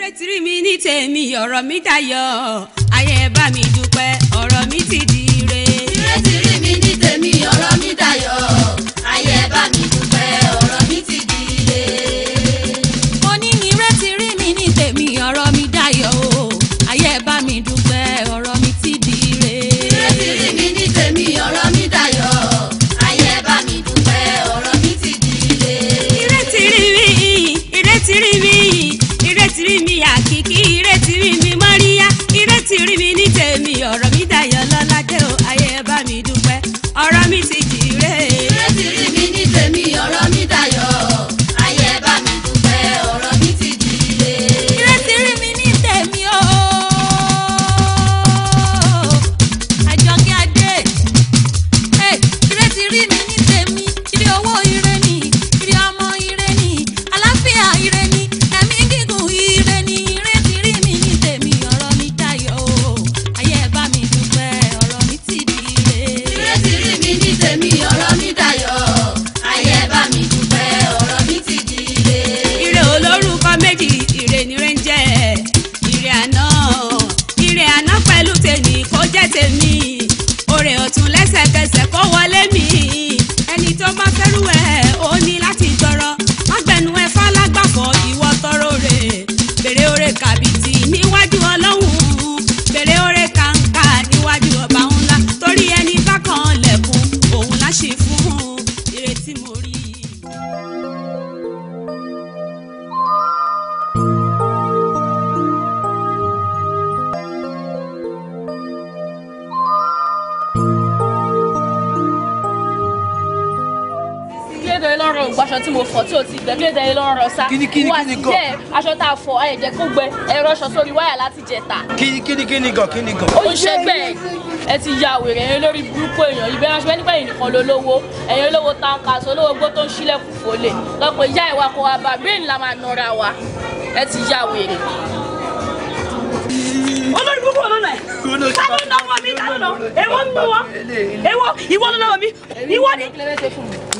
ire tìrí mi ní tèmi ọ̀rọ̀ mi dayọ̀ ayé bá mi dúpẹ́ ọ̀rọ̀ mi ti di ire. ire tìrí mi ní tèmi ọ̀rọ̀ mi dayọ̀ ayé bá mi kílódé yìí lọ́rọ̀ ògbó aṣọ tí mo fọ̀ tí o ti gbẹ kílódé yìí lọ́rọ̀ sá kíni kíni kíni gan wà sí aṣọ tá a fọ̀ ẹ jẹ́ kó gbẹ ẹ̀rọ aṣọ sórí wáyà láti jẹ ta. kíni kíni kíni gan kíni gan. ó ṣe gbẹ ẹ ti ya wèrè yẹn lórí burúkú èèyàn yìí bẹ́ẹ̀ ránṣẹ́ nígbà nìkan ló lówó ẹ̀yìn olówó tankas olówó gbó tó ń ṣílẹ̀kùn fòlè lọ́pọ̀ ìyá ìwà kó wa bá green la máa nọra wa ẹ ti ya wèrè. olórí burúkú ọlọ́nà lọ èwo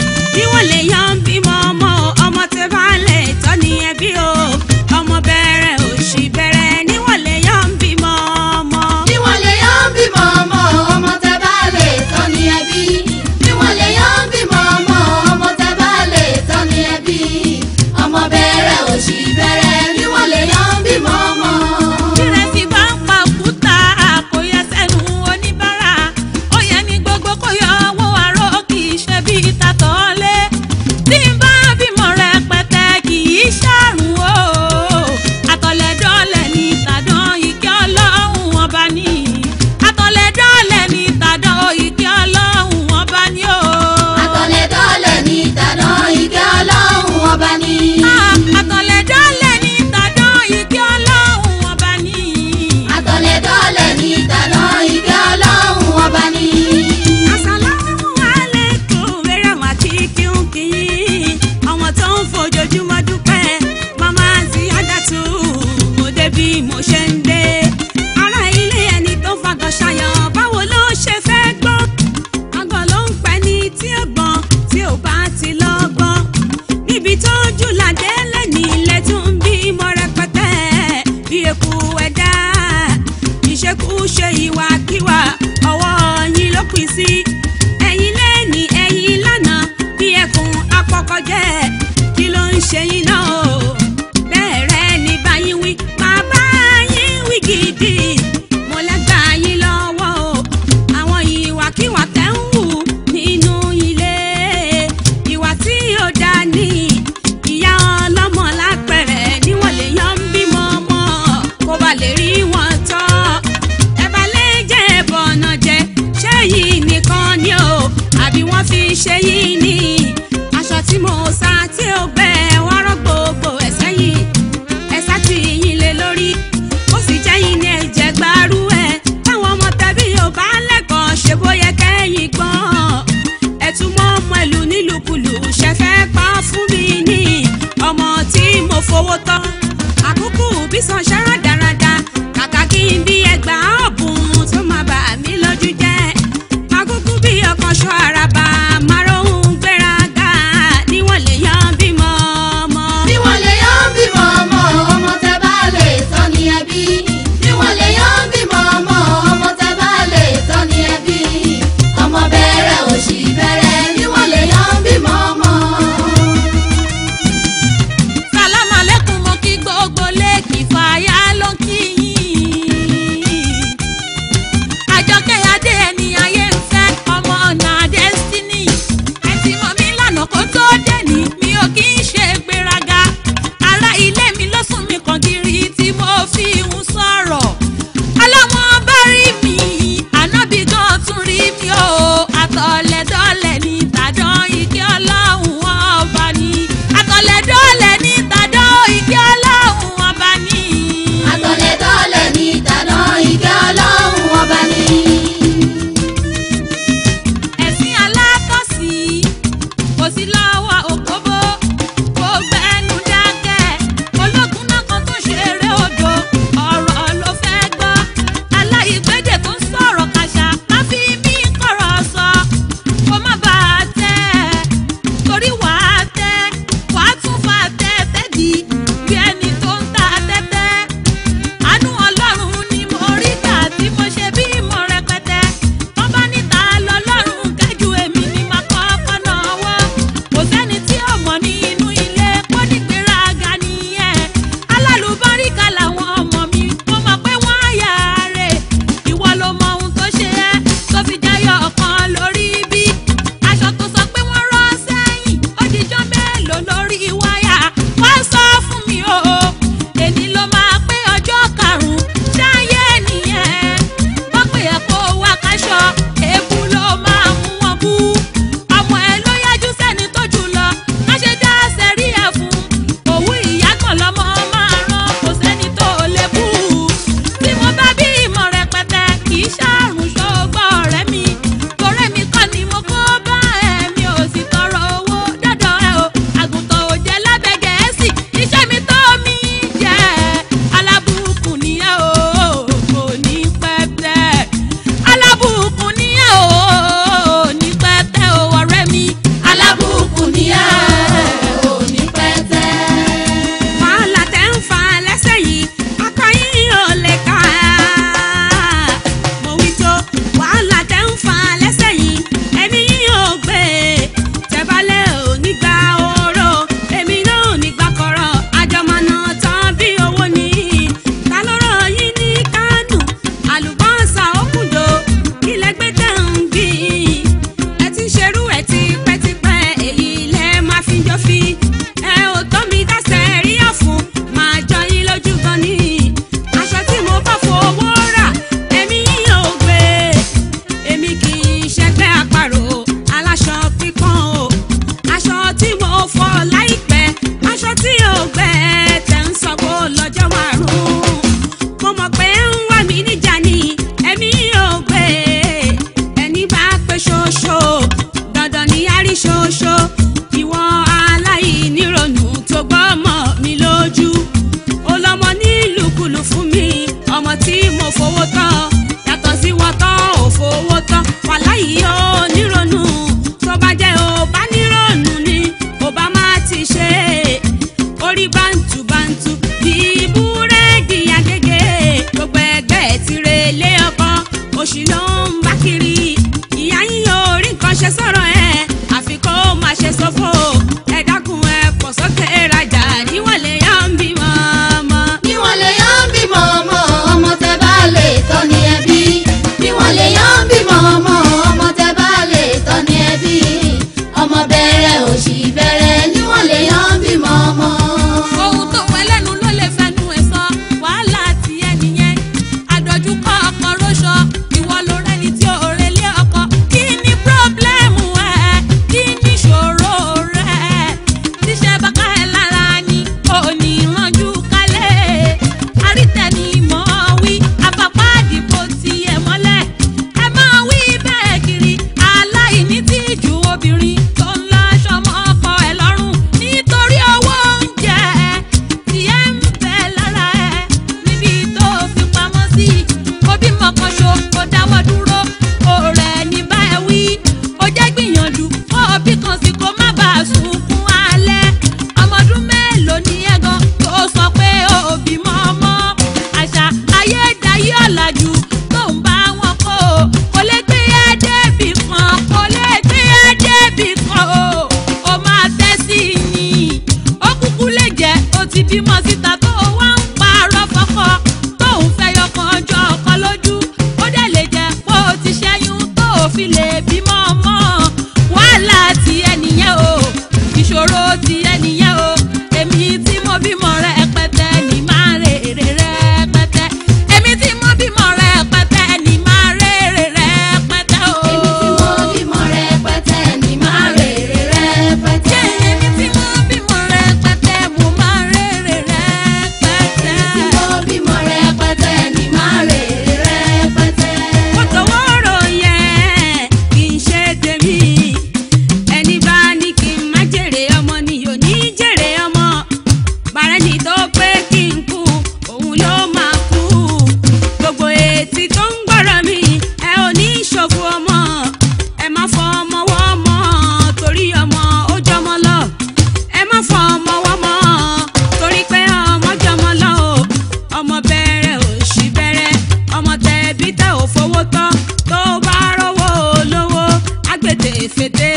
me te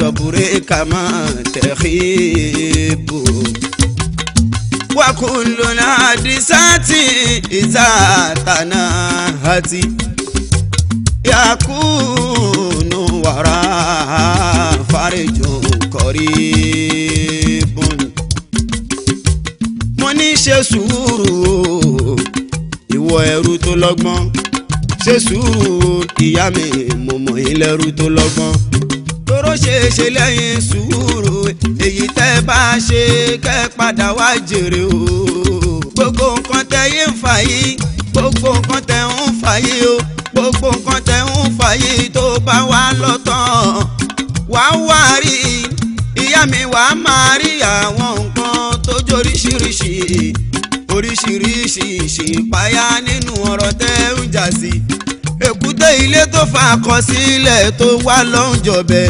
الزبر كما تخيب وكل الحادثات إذا تناهت يكون وراها فرج قريب mo ní ṣe sùúrù ìwọ ẹrú tó lọ́gbọ́n ṣe sùúrù ìyá mi mo mọ̀ yín lẹ́rú tó lọ́gbọ́n ó ṣeé ṣe lẹ́yìn sùúrù èyí tẹ́ bá ṣe kẹ́ padà wá jèrè o gbogbo nǹkan tẹ́ yín ń fà yìí gbogbo nǹkan tẹ́ ń fà yìí o gbogbo nǹkan tẹ́ ń fà yìí tó bá wà lọ́tàn wà á wà rí ìyá mi wà á máa rí àwọn nǹkan tó jóríṣiríṣi oríṣiríṣi ìṣèpáyà nínú ọ̀rọ̀ tẹ́ ń jà sí èkúté ilé tó fa àkọsílẹ̀ tó wà lọ́njọ́bẹ̀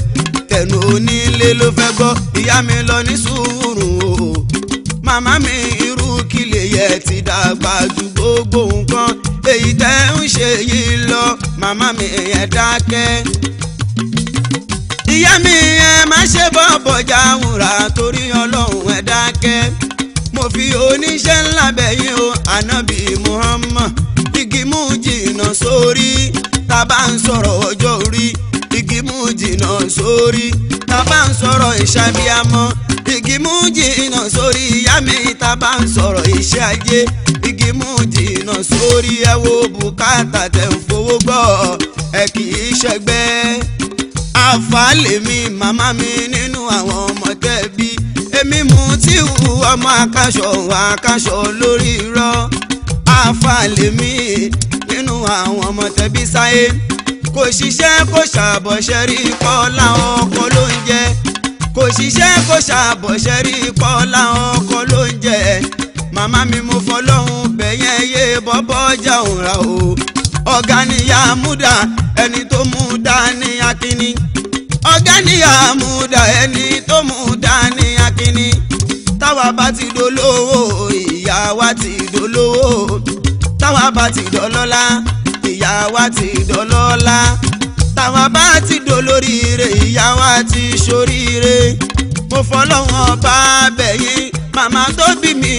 ẹnu onílé ló fẹ́ gbọ́ ìyá mi lọ ní sùúrù o màmá mi irú kílè yẹ ti dàgbà ju gbogbo nǹkan èyí tẹ́ ń ṣe yìí lọ màmá mi ẹ dákẹ́. ìyá mi ẹ má ṣe bọ́ bọ̀jà wúrà torí ọlọ́run ẹ dákẹ́ mo fi oníṣẹ́ ńlá bẹ̀yìn o ànábì Muhammad igi mú jìnnà sórí tá a bá ń sọ̀rọ̀ ọjọ́ orí igi mú jìnnà sórí tábà ń sọ̀rọ̀ ìṣàbíamọ́ igi mú jìnnà sórí ìyá mi tábà ń sọ̀rọ̀ iṣẹ́ ajé igi mú jìnnà sórí ẹ wo bùkátà tẹ̀ ń fowó gbọ́ ẹ kì í ṣẹgbẹ́ àfàlẹ́mí màmá mi nínú àwọn ọmọ tẹ́ bí èmi mú tí wù ọmọ akáṣọ wà akáṣọ lórí irọ́ àfàlẹ́mí nínú àwọn ọmọ tẹ́ bí sáyé kò ṣiṣẹ́ kò ṣàbọ̀ṣẹ́ rí pọ́lá ọkọ ló ń jẹ kò ṣiṣẹ́ kò ṣàbọ̀ṣẹ́ rí pọ́lá ọkọ ló ń jẹ màmá mi mo fọlọ́hún bẹ̀yẹn yé bọ́bọ́ ọjà òun ra o ọ̀gá níyà múdà ẹni tó mú dání akínní ọ̀gá níyà múdà ẹni tó mú dání akínní táwa bá ti dolówó ìyá wa ti dolówó táwa bá ti dọlọ́lá ìyá wa ti dọlọ́lá táwa bá ti dolóríire ìyá wa ti ṣoríire mo fọlọ́hún ọba bẹ̀yìn màmá tó bí mi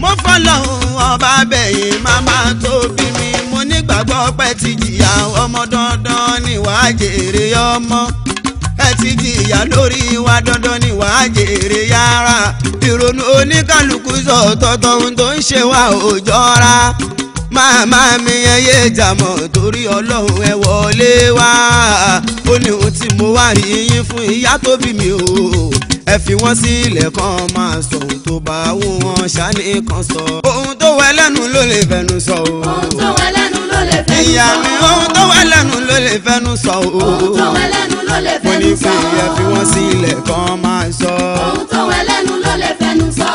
mo fọlọ́hún ọba bẹ̀yìn màmá tó bí mi mo nígbàgbọ́ pé ti jìyà ọmọ dandan ni wàá jèrè ọmọ ẹ ti jìyà lórí wa dandan ni wàá jèrè yàrá ìrònú oníkàlùkù sọ̀tọ̀tọ̀ ohun tó ń ṣe wa ò jọra màmá mi yẹn yé jàmọ̀ torí ọlọ́run ẹ wọlé wá ó ní ohun tí mo wá yíyín fún ìyá tó bí mi o ẹ fi wọ́n sílẹ̀ kan máa sọ ohun tó bá wù wọ́n ṣáni kan sọ. ohun tó wẹ lẹ́nu ló lè fẹnu sọ o. ohun tó wẹ lẹ́nu ló lè fẹnu sọ. ìyá mi ohun tó wẹ lẹ́nu ló lè fẹnu sọ o. ohun tó wẹ lẹ́nu ló lè fẹnu sọ. mo ní pé ẹ fi wọ́n sílẹ̀ kan máa sọ. ohun tó wẹ lẹ́nu ló lè fẹnu sọ.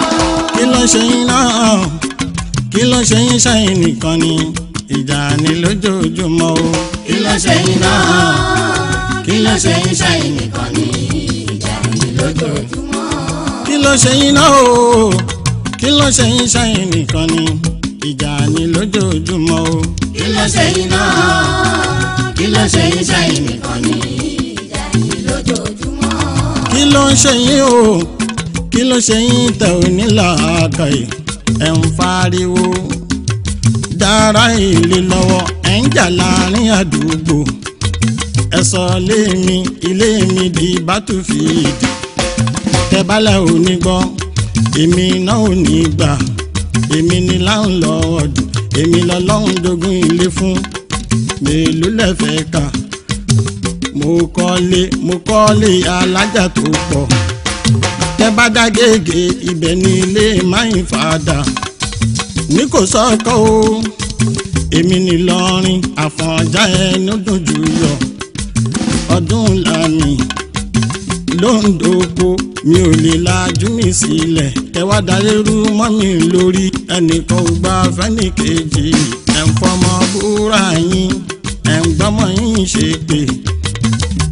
kí ló ṣe yín náà kí ló ṣe yín ṣẹ́yìn nìkan ni ìjà ni lójoojúmọ́ o. kí ló ṣe yín náà kí ló ṣe yín ṣẹ́yìn nìkan ni ìjà ni lójoojúmọ́. kí ló ṣe yín náà o kí ló ṣe yín ṣẹ́yìn nìkan ni ìjà ni lójoojúmọ́ o. kí ló ṣe yín náà kí ló ṣe yín ṣẹ́yìn nìkan ni ìjà ni lójoojúmọ́. kí ló ń ṣe yín o kí ló ṣe yín tẹ̀ ò ní làákàyè ẹ̀ ń fariwo dára ilé lọ́wọ́ ẹ̀ ń jà láàrin àdúgbò ẹ sọ ilé mi ilé mi di bátúfìdì tẹ́bálẹ̀ ò ní gbọ́ èmi náà ò ní gbà èmi ni landlord èmi lọ́lọ́run dogun ilé fún mélòó lẹ́fẹ̀ẹ́ kà mo kọ́lé mo kọ́lé alájà tó pọ̀ tẹ́ bá dá gègé ibẹ̀ ní ilé máyìn fàdà ní kò sọ́kọ́ o èmi nìlọrin àfọ̀njá ẹnu dùn jù yọ ọdún làmì ló mi ò lè lajú mi sílẹ̀ ẹ wá mọ́ mi lórí ẹnìkan ò gba fẹ́nìkejì ẹ̀ ń fọmọ búra yín ẹ̀ ń gbọ́mọ yín ṣe pé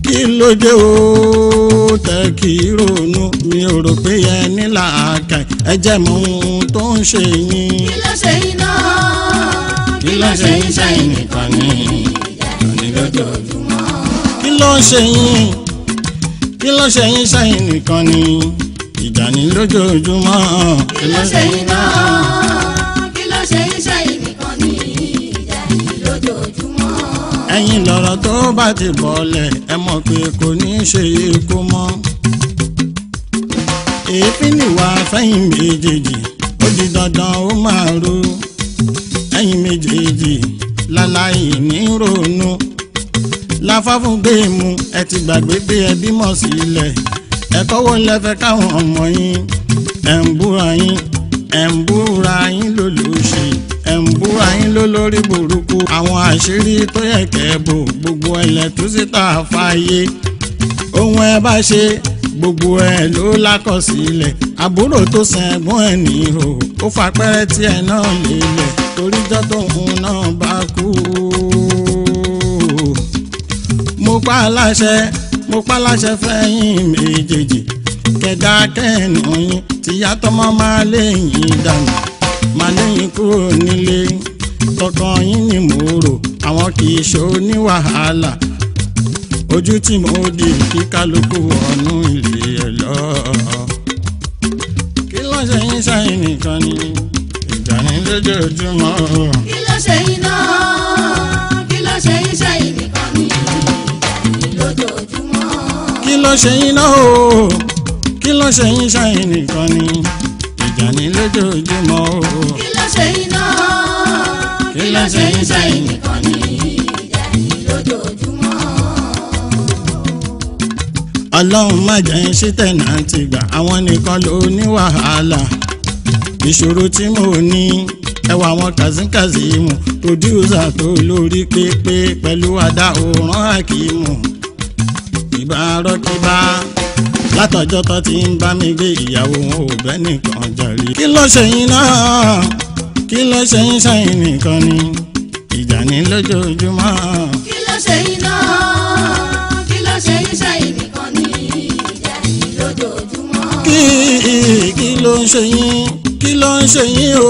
kí ló dé o tẹ kì í ronú mi ò rò pé ẹ ní làákàyè ẹ jẹ́ mọ ohun tó ń ṣe yín. kí ló ṣe yín náà kí ló ṣe yín sẹ́yìn nìkan ní ìyá lójoojúmọ́. kí ló ṣe yín kí ló ṣe yín sẹ́yìn nìkan ní ìjà ní lójoojúmọ́. kí ló ṣe yín náà. ọ̀rọ̀ tó bá ti bọ̀lẹ̀ ẹ mọ̀ pé kò ní ṣe ikú mọ́. èéfín nìwà fẹ́yìn méjèèjì ó di dandan ó máa ro ẹ̀yìn méjèèjì láláì ní ronú láfáfún géèmù ẹ ti gbàgbé pé ẹ bímọ sílẹ̀ ẹ kọ́wọ́ lẹ́fẹ̀ẹ́ káwọn ọmọ yín ẹ̀ ń búra yín ẹ̀ ń búra yín lólùṣèlú ẹ̀ ń búra yín ló lórí burúkú àwọn àṣírí tó yẹ kẹ́ bò gbogbo ẹ̀lẹ́ tó sì tà fàyè ohun ẹ bá ṣe gbogbo ẹ ló lákọsílẹ̀ àbúrò tó san ẹ̀gbọ́n ẹ̀ níhò ó fapẹ́rẹ́ tí ẹ náà lélẹ̀ toríjọ́ tóun náà bá kú. mo pa aláṣẹ mo pa aláṣẹ fẹ́yìn méjèèjì kẹ̀dá kẹ́ẹ̀nù yín tìyá tọmọ máa léyìn dànù máa léyìn kúrò nílé tọkàn yín ni mo rò àwọn kì í ṣe ní wàhálà ojú tí mo di kí kálukú wọnú ilé ẹ lọ. kí ló ṣe yín sẹ́yìn nìkan ni ìjà ní lójoojúmọ́. kí ló ṣe yín náà kí ló ṣe yín sẹ́yìn nìkan ni lójoojúmọ́. kí ló ṣe yín náà kí ló ṣe yín sẹ́yìn nìkan ni. Àjàní lójoojúmọ́ o. kí ló ṣe iná kí ló ṣe iṣẹ́ ìnìkan ní Àjàní lójoojúmọ́. ọlọ́run má jẹ́ ṣítẹ̀ náà ti gbà àwọn nìkan ló ní wàhálà ìṣòro tí mo ní ẹwà àwọn kàzínkàzí mu pòdúsà tó lórí pépé pẹ̀lú àdá òòrùn àkìmù ìbárọ̀kìbá látọjọ́ tó ti ń bá mi gbé ìyàwó wọn ò bẹ́ nìkan jọrí. kí ló ṣe yín náà kí ló ṣe yín sẹ́yìn nìkan ni ìjà ní lójoojúmọ́. kí ló ṣe náà kí ló ṣe yín nìkan ni ìjà ní lójoojúmọ́. kí kí ló ń ṣe kí ló ń ṣe o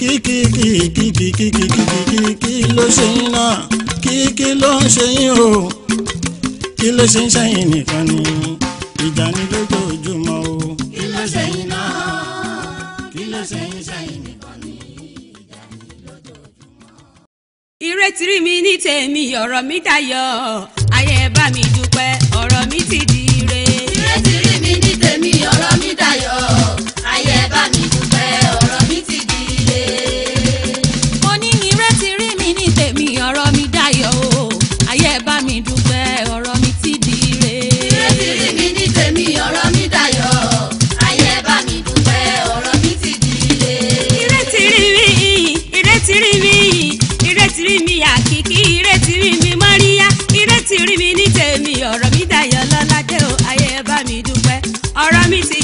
kí kí kí kí kí kí kí kí kí kí ló ṣe náà kí kí ló ń ṣe o kí ló ṣe ń nìkan ni ìjà ní lójoojúmọ́ o. kí ló ṣẹ̀yìn náà kí ló ṣẹ̀yìn ṣẹ̀yìn nìkan ni ìjà ní lójoojúmọ́. ìrètí rí mi ní tèmi ọ̀rọ̀ mi dayọ̀ ayé bá mi dúpẹ́ ọ̀rọ̀ mi ti di ire. ìrètí rí mi ní tèmi ọ̀rọ̀ mi dayọ̀. Adédáyọ̀ Lọ́ládé o ayé ẹ bá mi dúpẹ́ ọ̀rọ̀ mi ti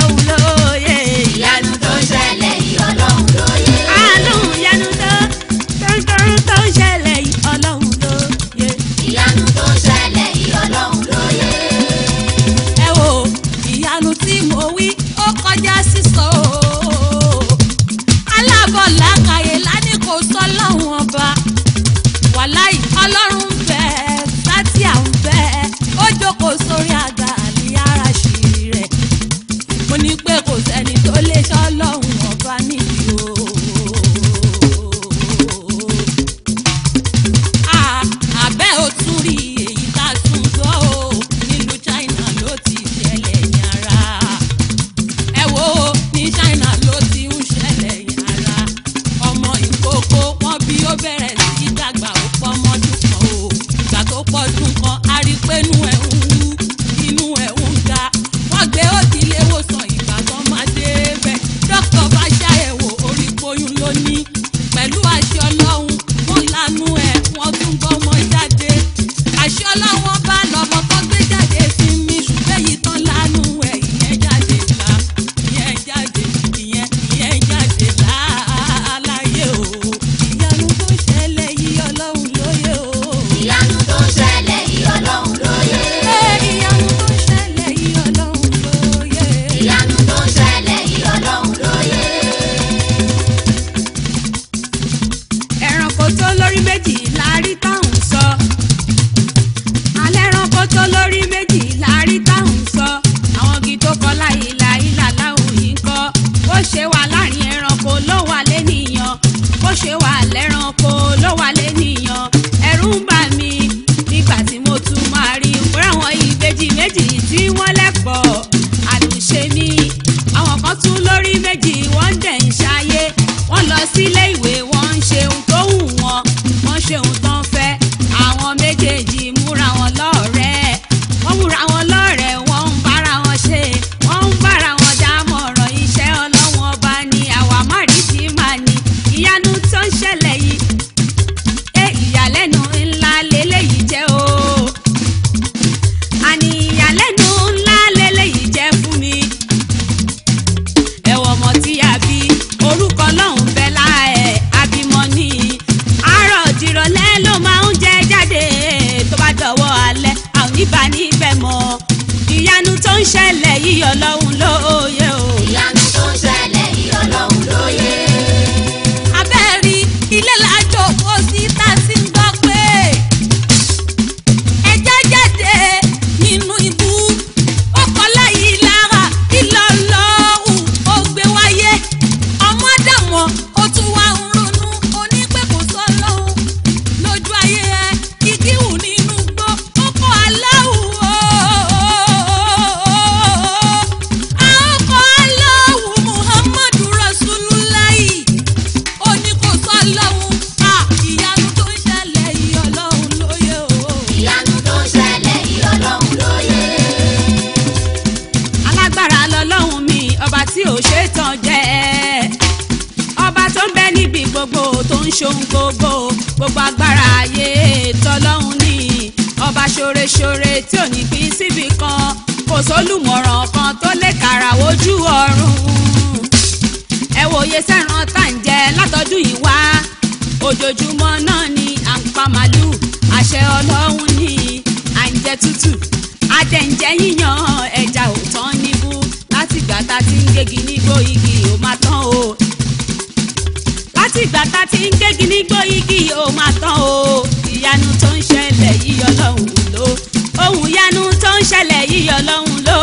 low, low. E o olhar tútù àdẹ̀ǹjẹ́ yíyan ẹja ò tán níbú látìgbà tá ti ń gégi nígbó igi ò máa tán o látìgbà tá ti ń gégi nígbó igi ò máa tán o ìyanu tó ń ṣẹlẹ̀ yíyọ lọ́hùn ló ohun ìyanu tó ń ṣẹlẹ̀ yíyọ lọ́hùn ló.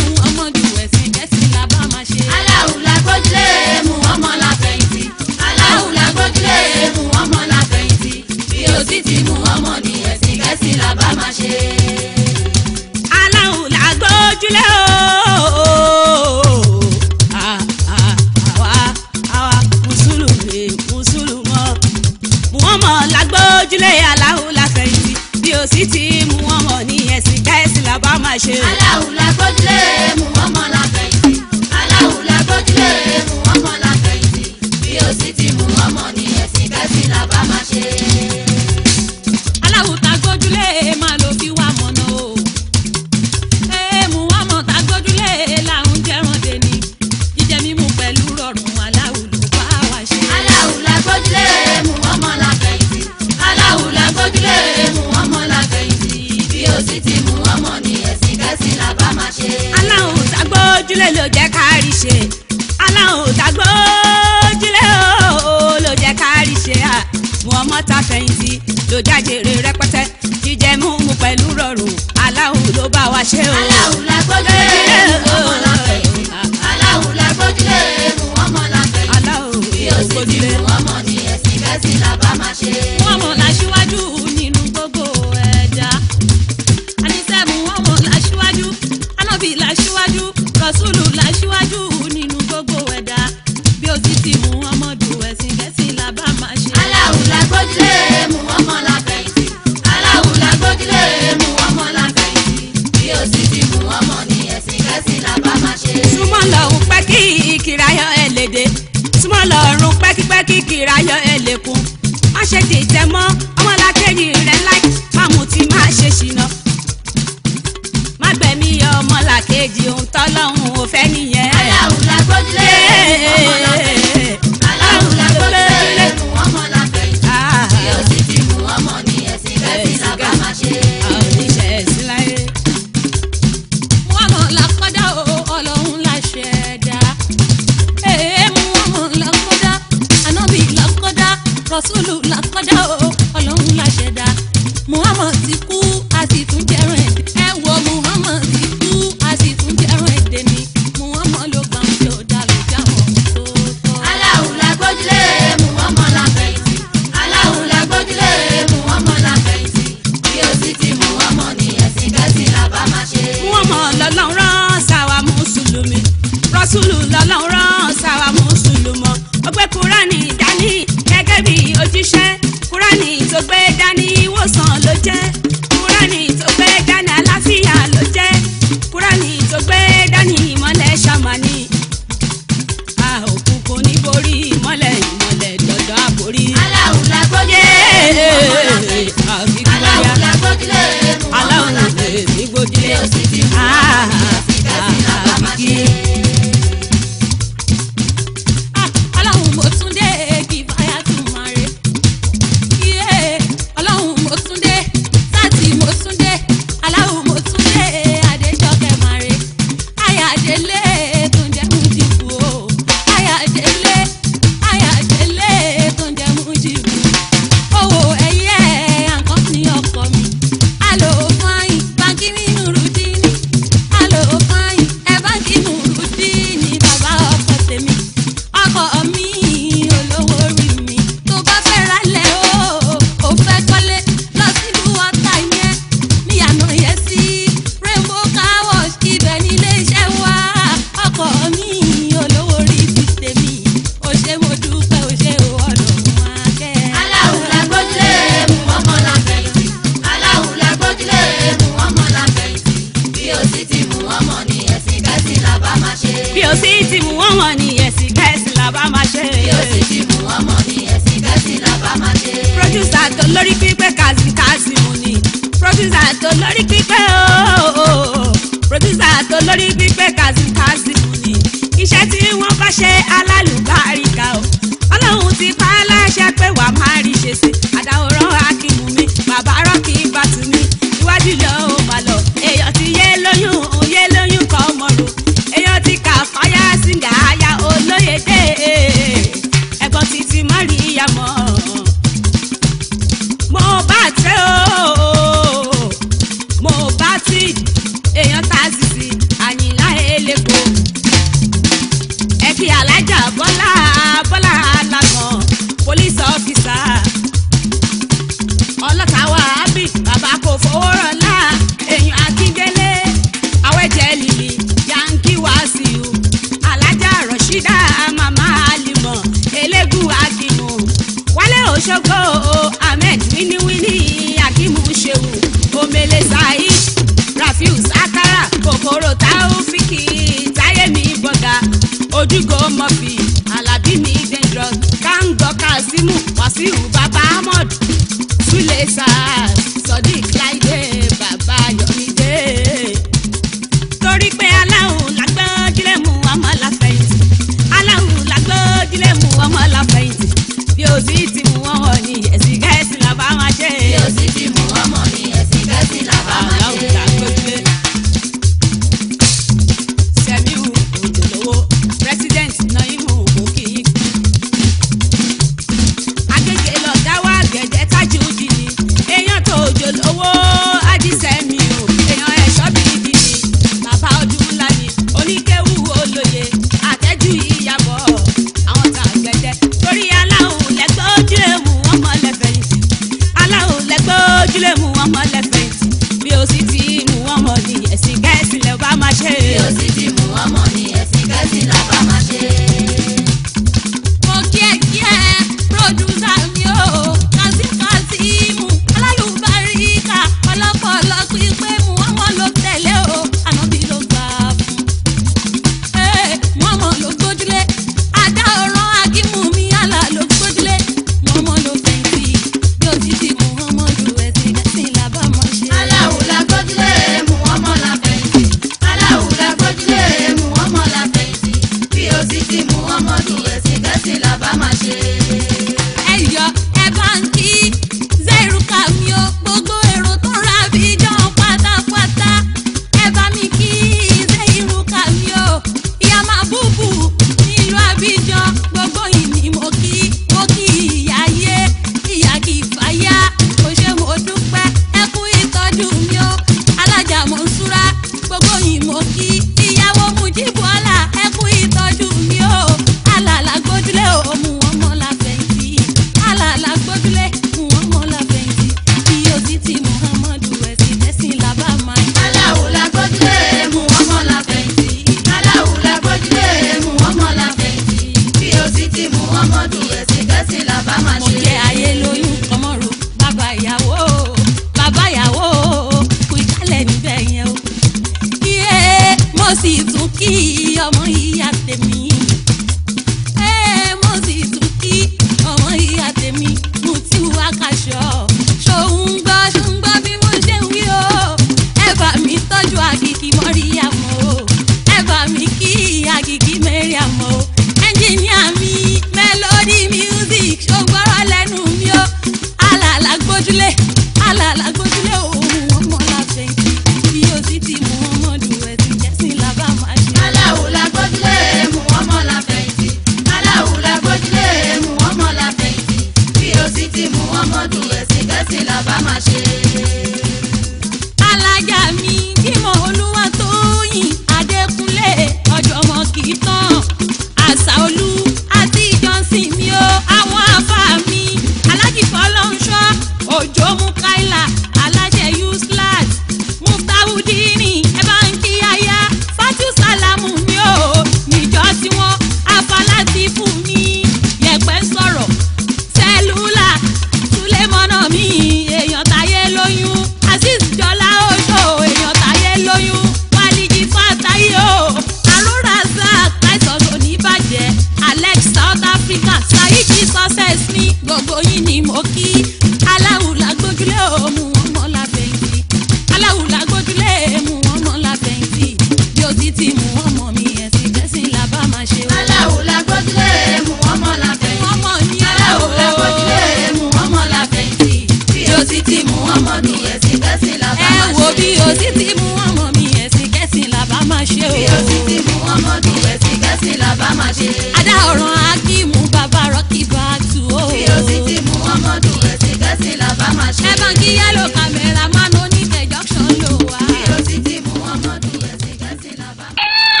ṣe o. ìyá títí muhammadu ẹ̀sìn gẹ̀ẹ́sì là bá máa ṣe. adá ọ̀ràn akíìmù bàbá rọ́kìbá tù o. ìyá títí muhammadu ẹ̀sìn gẹ̀ẹ́sì là bá máa ṣe. ẹ bá ń kí yẹ́lò kàmẹ́rà máa ń ní ìjọ́sán lò wá. ìyá títí muhammadu ẹ̀sìn gẹ̀ẹ́sì là bá máa ṣe.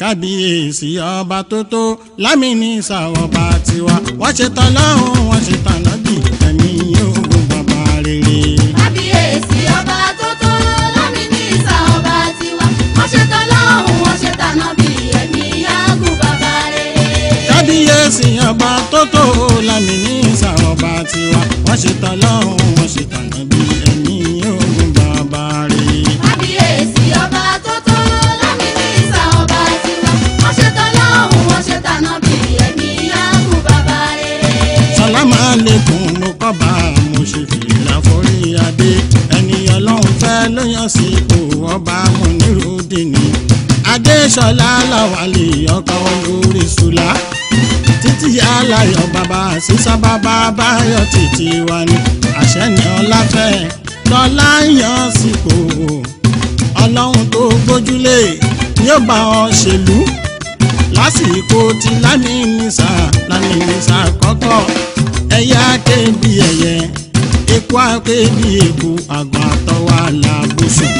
kábíyèsí ọba tó tó lámì ní ìsàwọ̀ bá tiwa wọ́n ṣe tán lọ́hùn wọ́n ṣe tán lọ́hùn. kábíyèsí ọba tó tó lámì ní ìsàwọ̀ba tiwa wọ́n ṣe tán lọ́hùn wọ́n ṣe tán nàbí ẹ̀mí ogun bàbá rẹ̀. kábíyèsí ọba tó tó lámì ní ìsàwọ̀ba tiwa wọ́n ṣe tán lọ́hùn wọ́n ṣe tán nàbí ẹ̀mí ogun bàbá rẹ̀. sàlámà lẹkùn mo kọ́ bá mo ṣe fìlà forí adé ẹni ọlọ́run fẹ́ lóyún sí ọba mú ṣọlá làwálé ọkọ olórí ṣùlá títí aláyọ̀ bàbá sísá bàbá báyọ̀ títí wa ni àṣẹ ni ọláfẹ́ lọ́lá yan sípò ọlọ́run tó gbójúlé yóò bá ọ ṣèlú lásìkò tí lámìnísà lámìnísà kọ́kọ́ ẹ̀yà kébi ẹ̀yẹ ikú akébi èkó àgbà àtọwà làbùsùn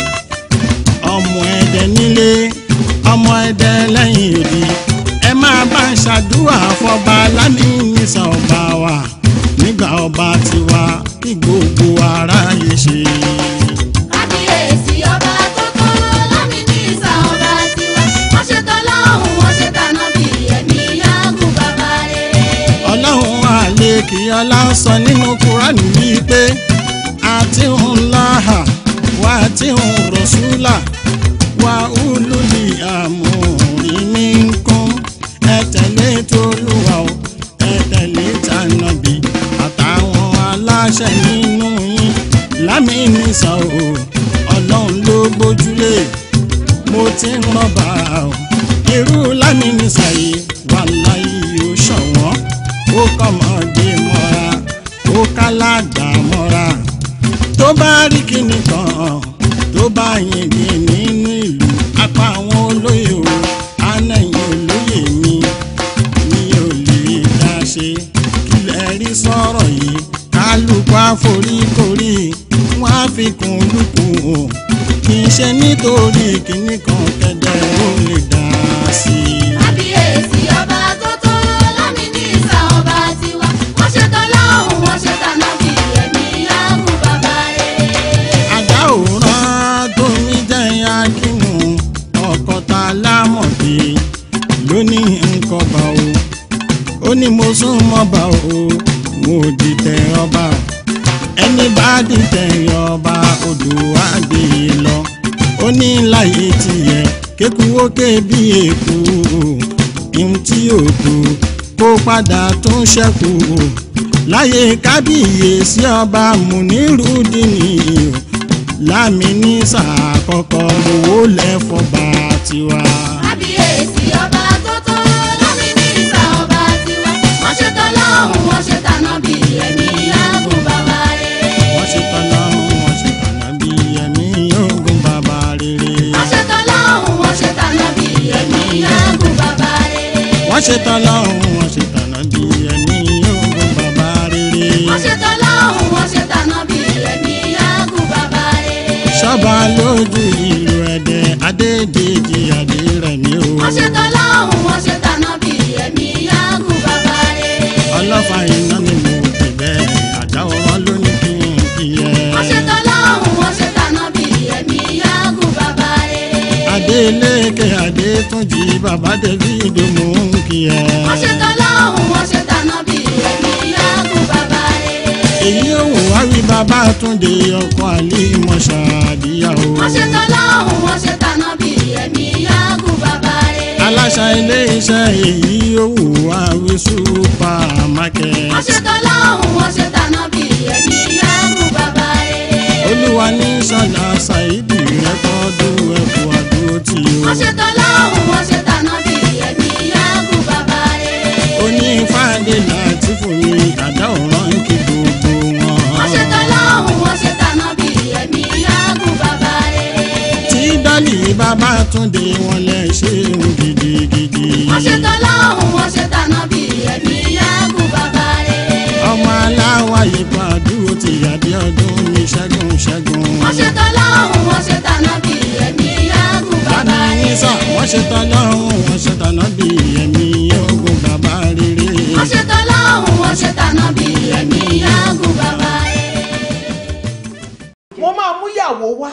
ọmọ ẹ̀dẹ̀ nílé ọmọ ẹdẹ lẹ́yìn èdè ẹ máa bá ń ṣàdúrà fọba aláníyìnsá ọba wa nígbà ọba tiwa kí gbogbo aráyé ṣe. kábíyèsí ọba tó tọ́ lámìnísà ọba tiwa wọ́n ṣe tọ́lá òun wọ́n ṣe nínú kúránì yìí pé àti ń láhà wá àti ń rọ̀ṣúlà. mi nìsà o ọlọ́run ló gbójúlé mo ti ń mọ̀ bá o irú lámì nìsà yìí wà láyé o ṣọ̀wọ́n ó kọ́mọdé mọ́ra ó kálàgbà mọ́ra tó bá rí kíni kan tó bá yege nínú ìlú apá àwọn olóyè o anẹ́yìn olóyè mi mi ò lè dá ṣe kílẹ̀ rí sọ̀rọ̀ yìí kálukú àforíkò fi kún lùkùn o kì í ṣe nítorí kíní kan kẹjọ ó lè dá sí i. kábíyèsí ọba tó tó lámì ní ìsà ọba tiwa wọ́n ṣe tán lọ́hùn wọ́n ṣe tán náà bí ẹ̀mí àmú bàbá rẹ̀. àgbà òòràn tómi jẹyìn akínú ọkọ ta lámọ̀dé lónìí nǹkan bá o ó ní mo sún mọ́ bá o mo dìtẹ̀ ọba ẹni bá dìtẹ̀ ọba Oòduà gbé e lọ ó ní láyé tiẹ̀ kékuwókè bí èkó ihun tí ò kú kó padà tó ṣẹ́kù láyé kábíyèsí ọba Mùnírùdínì láàmì ní sáà kọ́kọ́ owó lẹ́fọ̀ọ́ba tiwa. kábíyèsí ọba tó tó lámì ní sáà ọba tiwa wọ́n ṣe tọ́lọ́hún wọ́n ṣe tànábì. àṣetán lọ́hùn àṣetànà bí ẹni ogun bàbá rere. àṣetán lọ́hùn àṣetànà bí ẹni ogun bàbá rere. ṣọ́ba lójú ìlú ẹ̀dẹ̀ adédèjì adérẹ̀mí o. àṣetán lọ́hùn àṣetànà bí ẹni ogun bàbá rere. ọlọ́fà iná ni mo ti bẹ́ẹ̀. Adeleke Adétúnjì bàbá dẹbí ìdòmú kí ẹ. wọ́n ṣe tọ́lá òun wọ́n ṣe tàná bí èmi yàgò bàbá rere. èyí òun wá wí bàbá Túndé ọkọ àlè mọ̀ṣá àbíyàwó. wọ́n ṣe tọ́lá òun wọ́n bí èmi yàgò bàbá rere. aláṣà ilé iṣẹ́ èyí òun wá wí súpà mákẹ́. wọ́n ṣe tọ́lá òun wọ́n bí èmi yàgò olúwa ní sàlà ṣàìdì rẹ kọ́dún ẹ̀kú àdúró tí o. wọ́n ṣe tọ́lá òun wọ́n ṣe tàná bí ẹ̀mí yágùn bàbá rere. ó ní fàdé láti fún mi dàdá ọ̀rọ̀ ń kí gbogbo wọn. wọ́n ṣe tọ́lá òun wọ́n ṣe tàná bí ẹ̀mí yágùn bàbá rere. tí dálì bàbá tún dé wọn lẹ ṣe òun gidigidi. wọ́n ṣe tọ́lá òun wọ́n ṣe tàná bí ẹ̀mí ṣẹ́gun ṣẹ́gun. wọ́n ṣe tán lọ́hùn wọ́n ṣe tán náà bí ẹ̀mí yágùn bàbá yẹn. wọ́n ṣe tán lọ́hùn wọ́n ṣe tán náà ẹ̀mí yágùn bàbá rere. wọ́n ṣe tán lọ́hùn wọ́n ṣe tán náà ẹ̀mí yágùn bàbá yẹn. mo máa mú ìyàwó wá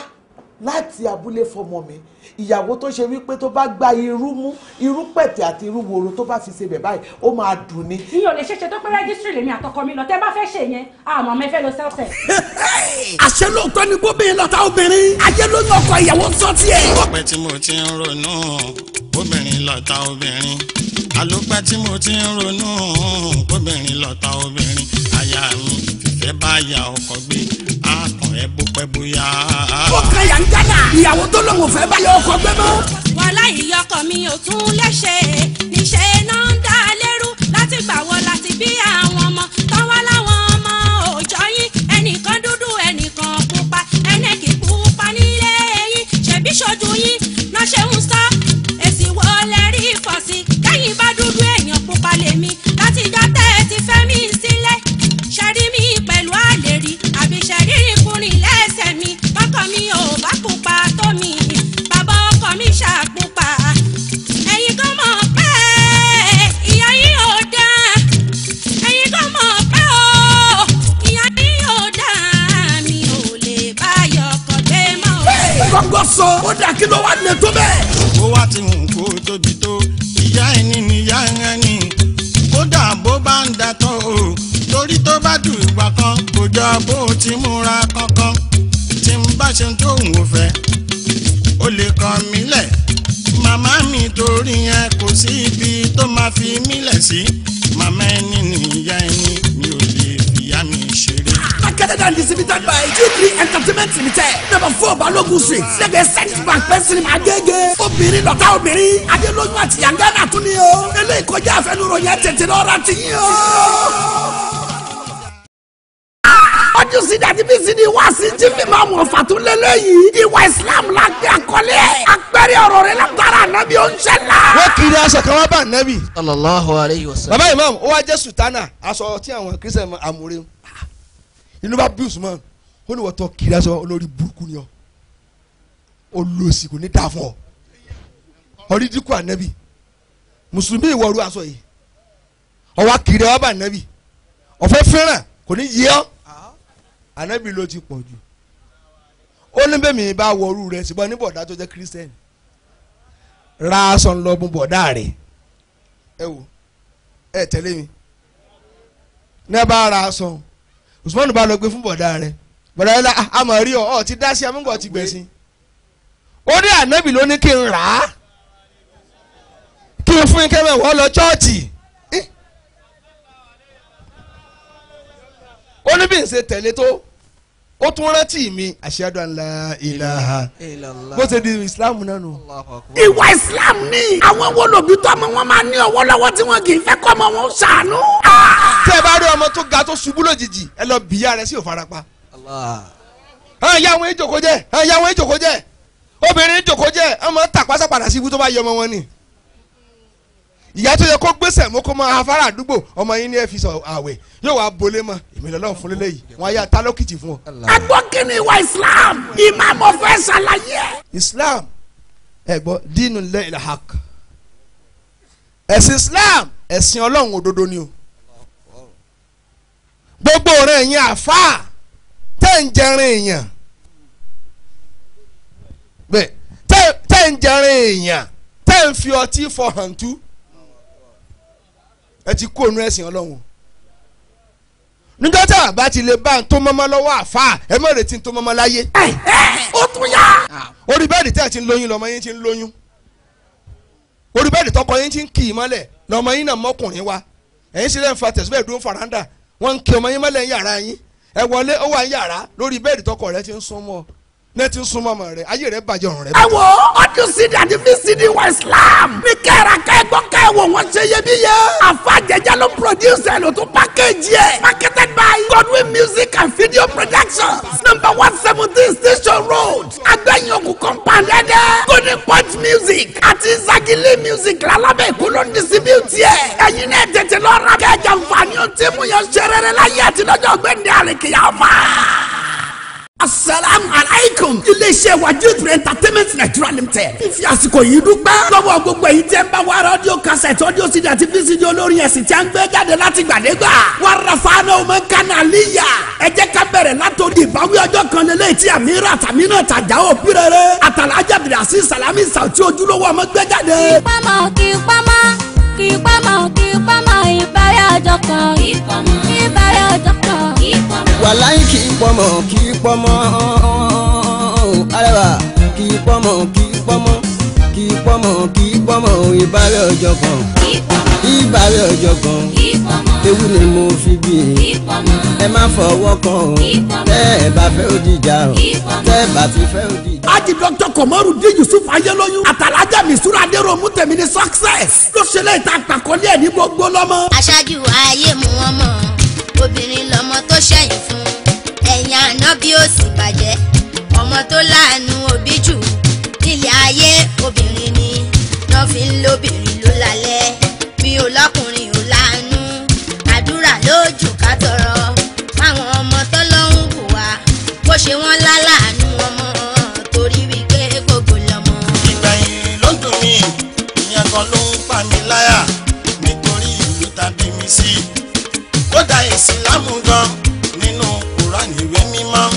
láti abúlé fọmọ mi ìyàwó tó ṣe wípé tó bá gba irú mú irú pẹ̀tẹ̀ àti irú wòrò tó bá fi ṣe bẹ̀ báyìí ó máa dùn ni. mi ò lè ṣe ṣe tó pé rẹ́gísírì lèmi àtọkọ mi lọ tẹ́ bá fẹ́ ṣe yẹn àmọ́ mi fẹ́ lọ sẹ́ọ̀sẹ̀. àṣẹ lóòótọ́ ni gómìnà lọ́ta obìnrin ayé ló ní ọkọ ìyàwó sọ tiẹ̀. ọpẹ́ tí mo ti ń ronú obìnrin lọ́ta obìnrin àlùpẹ́ tí mo ti ń ronú obìnrin lọ́ta obìnrin àyà mi fẹ́ bá ya ọkọ gbé àtàn ẹ bó pẹ́ bóyá. ó kan yà ń jálà ìyàwó tó lòun fẹ́ bá ya ọkọ gbé mọ́. wàhálà ìyọkọ mi ò tún léṣe níṣẹ́ náà ń dá lérú láti gbà wọ́n láti bí a. so. ó dà kí ló wá lè tó bẹ́ẹ̀. ó wá ti hùn kó tóbi tó ìyá ẹni níyà ẹni kódà bó bá ń datọ́ o torí tó bá ju ìgbà kan kò jọ bó ti múra kankan tí n bá ṣe tó ń wò fẹ́ ó lè kàn mí lẹ̀ màmá mi torí yẹn kò sí ibi tó máa fi mí lẹ̀ sí màmá ẹni níyà ẹni owned and distributed by g Entertainment Limited. Number four Balogun Street. Lẹ́gbẹ̀ẹ́ Central Bank Pẹ́sìlì Agége. Obìnrin lọ́tà obìnrin. Adélóyún àti Yangana tún ni o. Eléyìí kọjá àfẹnuròyìn tètè lọ́ra ti yín o. Ọdún sí dàbí bí sí ni wá sí jífì máa mọ̀ fàtúlélẹ́ yìí. Ìwà Ìsìlámù la gbé àkọlé ẹ̀. Apẹ̀rẹ̀ ọ̀rọ̀ rẹ̀ látara ànábì ó ń ṣẹlá. Wọ́n kiri aṣọ kan wá bá ànábì. Sallallahu alayhi wa sallam. Bàbá Imam, ó wá jẹ́ Sùtánà, aṣọ tí àwọn Kírísítẹ̀ àmúre inú bá bí Usman ó ní wọ́tọ̀ kiri aṣọ olórí burúkú ni ọ olóòsì kò ní dà fún ọ ọrídìkú ànábì mùsùlùmí ìwọ̀rú aṣọ yìí ọwọ́ kiri ọba ànábì ọ̀fẹ́ fẹ́ràn kò ní yí ọ ànábì ló ti pọ̀ jù ó ní bẹ́ẹ̀ mi bá wọrú rẹ̀ ṣùgbọ́n ní bọ̀dá tó jẹ́ kírísítẹ́nì ra aṣọ ńlọ́gbọ̀n bọ̀dá rẹ̀ ẹ wò ẹ tẹ̀lé mi ní ẹ bá ra aṣọ Usman bá lọ gbé fún bọ̀dá rẹ̀ bọ̀dá rẹ̀ la ah, àmọ̀ rí ọ ọ ti dá sí amúgbọ̀ ti gbẹ̀sìn ó ní ànábì ló ní kí n rà á kí n fún ikẹ́ mẹ́wọ́ lọ chọ́ọ̀chì ó ní bí n ṣe tẹ̀lé tó ó tún rántí mi ashadu an la ilaha bó ṣe di islam náà nù. ìwà islam ni àwọn wo lòbí tó ọmọ wọn máa ní ọwọ́ lọ́wọ́ tí wọn kì í fẹ́ kọ́ ọmọ wọn ṣàánú. Ah! tẹ́ ẹ bá rí ọmọ tó ga tó ṣubú lójijì ẹ lọ bìyà rẹ sí òfarapa. ẹ yà wọn ìjòkó jẹ ẹ yà wọn ìjòkó jẹ obìnrin ìjòkó jẹ ọmọ tàpá sàpàdà sí tó bá yọ ọmọ wọn ni ìyá tó yẹ kó gbèsè mú máa afárá àdúgbò ọmọ yín ní ẹ fi sọ àwẹ̀ yóò wá bolé mọ èmi lọ́lọ́run fún lélẹ́yìí wọn á yá tálọ́kìtì fún ọ. àgbọ̀ kí ni ìwà Islam ìmáàmù fẹ́ ṣàlàyé. Islam ẹ̀gbọ́n dínú lẹ́yìn hak ẹ̀sìn Islam ẹ̀sìn ọlọ́run òdodo ni o gbogbo ọ̀rẹ́ ẹ̀yin àfáà tẹ̀ ń jẹrin èèyàn bẹ́ẹ̀ tẹ̀ èèyàn tẹ̀ ọtí fọ ẹ ti kú ònú ẹ̀sìn ọlọ́run níjọ́ tá a ti lè bá ń tó mọ́mọ́ lọ́wọ́ àfa ẹ mọ̀ retí tó mọ́mọ́ láyé. ó tún yá. orí bẹ́ẹ̀dì tí ẹ ti ń lóyún lọ́mọ yín ti ń lóyún orí bẹ́ẹ̀dì tọkọ yín ti ń kì í mọ́lẹ̀ lọ́mọ yín náà mọ́kùnrin wa ẹ̀yin sílẹ̀ ń fa tẹ̀síbẹ̀ dúró faranda wọ́n ń kí ọmọ yín mọ́lẹ̀ ń yàrá yín ẹ wọlé ó wà ń yàrá lórí bẹ́ẹ̀dì tọkọ rẹ ti ń sún mọ́ ọ ne ti sun mọmọ rẹ ayé rẹ bàjẹ́ ọ̀run rẹ. ẹ wo ọdún sídi àti fisidi wa islam. ní kẹ́ra kẹ́gbọ́ kẹ́wọ̀ wọ́n ṣe iyebíye. àfa jẹjẹ ló ń produce ló tún package yẹ. marketed by Godwin music and video productions. number one seventeen station road. agbẹ́yìnokù compound ẹ̀dẹ́. golden point music àti zagile music lálábẹ́ ìkóló distribute yẹ. ẹ̀yin náà tètè lọ ra kẹ́jà nfààní o tí mo yàn ṣe rere láyé àti lọ́jọ́ gbẹ̀ndẹ̀ àrèkè yà fà asalaamu alaykum. iléeṣẹ́ wajir entertainment nigeria limited. n fi àsìkò yìí dúpẹ́. lọ́wọ́ gbogbo èyí tẹ́ ń bá wa rọ́díò kassette audio cd àti vcd olórin ẹ̀sìn tí a ń gbé jáde láti gbàdégbà. wà á rafa náà o máa ń kánà líyà. ẹ jẹ́ ká bẹ̀rẹ̀ látòdì ìbáwí ọjọ́ kan lélẹ̀ tí àmì rà tàmí náà tàjà ò bí rere. àtàlà ajábìrì àti sàlámì sàwùtí ojúlówó ọmọ gbé jáde. ìpamọ́ kí ìpamọ́ kí ìpamọ́ kí ìpamọ́ ìbáyọ̀ ọjọ́ kan ìbáyọ̀ ọjọ́ kan wàláyé kì í pọmọ kì í pọmọ arẹwà kì í pọmọ kì í pọmọ kì í pọmọ kì í pọmọ ìbálẹ̀ ọjọ́ kan ìbálẹ̀ ọjọ́ kan ewu ni mo fi bí ẹ má fọwọ́ kan o tẹ́ ẹ bá fẹ́ ó dìjà o tẹ́ ẹ bá ti fẹ́ ó dìjà. ájì dr kọmọrù dé yusuf ayélóyún àtàlájà misura adéròmù tèmi ní success ló ṣẹlẹ̀ ìta àpàkọ́lé ẹ̀ ní gbogbo lọ́mọ. aṣáájú ayé mu ọmọ obìnrin lọmọ tó ṣẹ̀yìn fún ẹ̀yìn àná bí ó sì bàjẹ́ ọmọ tó láàánú òbí jù nílé ayé obìnrin ni wọ́n fi ń lóbìnrin ló lálẹ́ mi ò lọ́kùnrin ò láàánú àdúrà lójú ká tọrọ fáwọn ọmọ tó lọ́hùn kò wá bó ṣe wọ́n lálá. ìsìlámù gan nínú quran ìwé mímọ́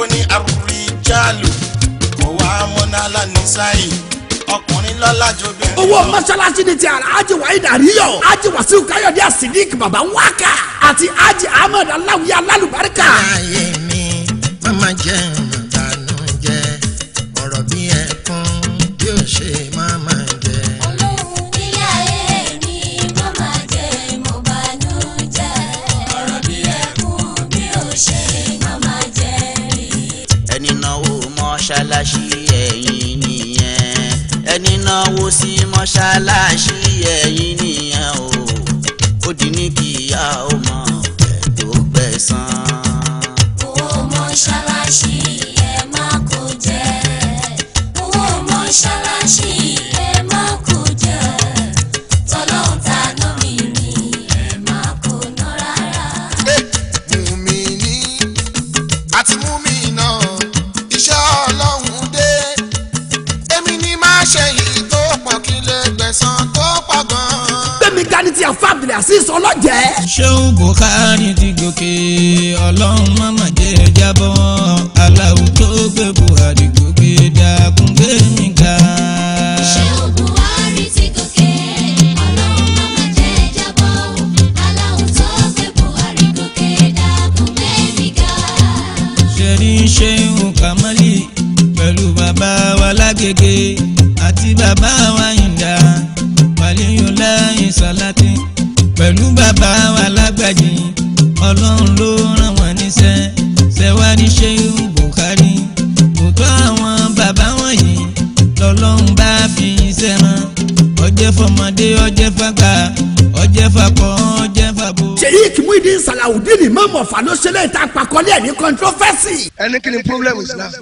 ó ní àrùjálù kò wá mọ́nà aláníṣáì ọkùnrin lọ́la jobìnrin. owó mọ́ṣáláṣí ni ti àjẹ wàá ìdàríyọ̀ àjẹ wàsíù káyọ̀dé àsìdík bàbá wákà àti àjẹ ahmed aláwìyá alálùbáríkà. ayé mi mama jẹun. Ṣéun Bùkárì ti gòkè. sheik muhyiddin salawudeen imam ọ̀fà ló ṣe lẹ́yìn tá a pàkọ́lé ẹ̀ ní controversy. ẹni kí ni problem islam.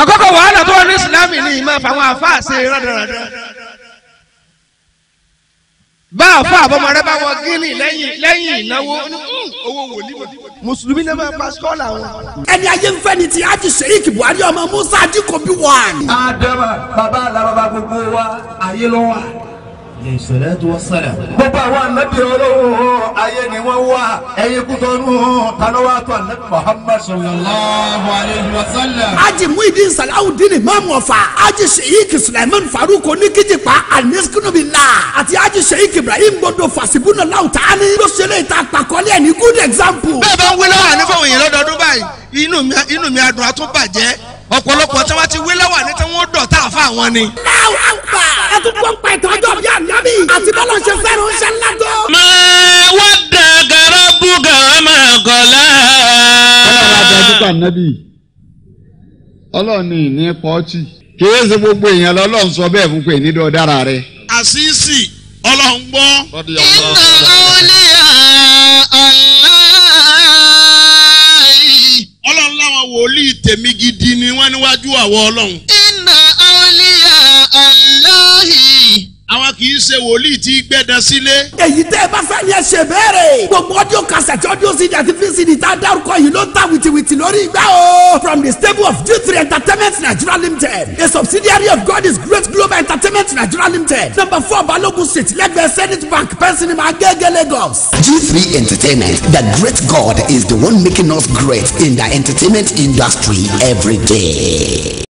àkọ́kọ́ wàhálà tó wà ní islam ni ìmọ̀ àfàwọn àfáà ṣe rádaràdà. bá àfọ àbọ̀mọ̀rẹ́ bá wọ gíní lẹ́yìn lẹ́yìn ìnáwó owó wò ní mùsùlùmí náà máa pa skọ́ọ̀lù àwọn. ẹni ayé ń fẹ́ ni ti ájì sheik buhari ọmọ musa adikobi wà. adama baba alábàbà gbogbo wa ayé ló wà gbogbo àwọn anabi ọlọ́wọ́ ayé ni wọ́n wá ẹ̀yin kú tọ́nu talọ́wọ́ tó anabi muhammad sallallahu alayhi wa sallam. aji muhidin salawudin imaamu ọ̀fà aji sheik sulaiman faruk oníkìjìpá alimiskunubila àti aji sheik ibrahim gbọdọ fasibuna lautani ló ṣe lè ta àpàkọ́lé ẹ̀ ní good example. bẹ́ẹ̀ bá ń wí lọ́wọ́ ànífọ̀wòye lọ́dọọdún báyìí inú mi adùn àtúbàjẹ́. ọ̀pọ̀lọpọ̀ tí wọ́n ti wí láwà ní tí wọ́n dọ̀tá àfa àwọn ni. láwù àgbà ẹ tún gbọ́ pa ọjọ́ bí ànábì àti bọ́lá ṣe fẹ́ràn tó. máa wá ní pọ́ọ̀tì ṣe gbogbo èèyàn sọ bẹ́ẹ̀ fún pé dára rẹ. àṣìṣì gbọ́. wòlíì tèmi gidi ni wọ́n níwájú àwọ̀ ọlọ́run. Eh, àwọn kì í ṣe wòlíì tí gbẹ̀dán sílé. èyí tẹ́ ẹ bá fẹ́ ni ẹ ṣe béèrè. gbogbo ọdún kasẹ̀ tí ọdún sí àti fcd tá a dárúkọ yìí ló ń ta wìtìwìtì lórí igbá o. from the stable of d3 entertainment nigeria limited a subsidiary of God's great global entertainment nigeria limited number four balogun street lẹ́gbẹ̀ẹ́ senate bank pẹ́sìnìmọ̀ agége lagos. g3 entertainment the great god is the one making us great in the entertainment industry every day.